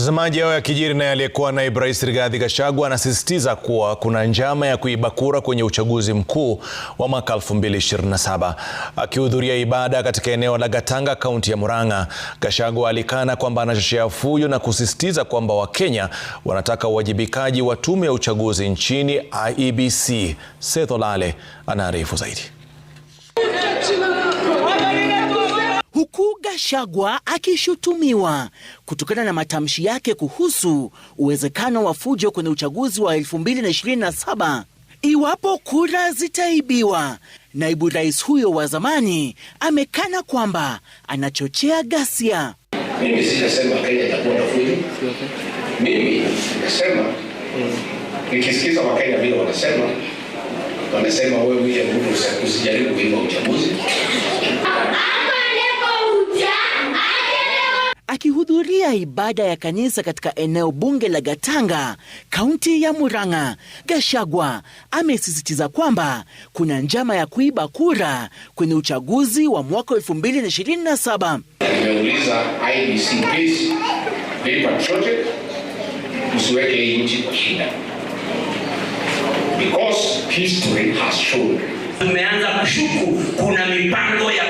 Mtazamaji, hayo kijiri na aliyekuwa naibu rais Rigathi Gachagua anasisitiza kuwa kuna njama ya kuiba kura kwenye uchaguzi mkuu wa mwaka 2027. Akihudhuria ibada katika eneo la Gatanga, kaunti ya Murang'a, Gachagua alikana kwamba anachochea fujo na kusisitiza kwamba Wakenya wanataka uwajibikaji wa tume ya uchaguzi nchini IEBC. Seth Olale anaarifu zaidi. Rita Shagwa akishutumiwa kutokana na matamshi yake kuhusu uwezekano wa fujo kwenye uchaguzi wa 2027 iwapo kura zitaibiwa. Naibu rais huyo wa zamani amekana kwamba anachochea ghasia. Mimi sijasema Kenya itakuwa na fujo. Mimi nasema nikisikiza Wakenya vile wanasema, wanasema wewe William Ruto usijaribu kuiba uchaguzi kuhudhuria ibada ya kanisa katika eneo bunge la Gatanga, kaunti ya Murang'a, Gashagwa amesisitiza kwamba kuna njama ya kuiba kura kwenye uchaguzi wa mwaka 2027. Nimeuliza IEBC please, be patriotic, usiweke nchi kwa shida. Because history has shown. Tumeanza kushuku kuna mipango ya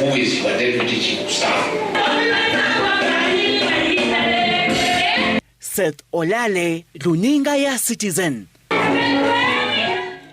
who is your deputy chief of staff. Seth Olale, Luninga ya Citizen.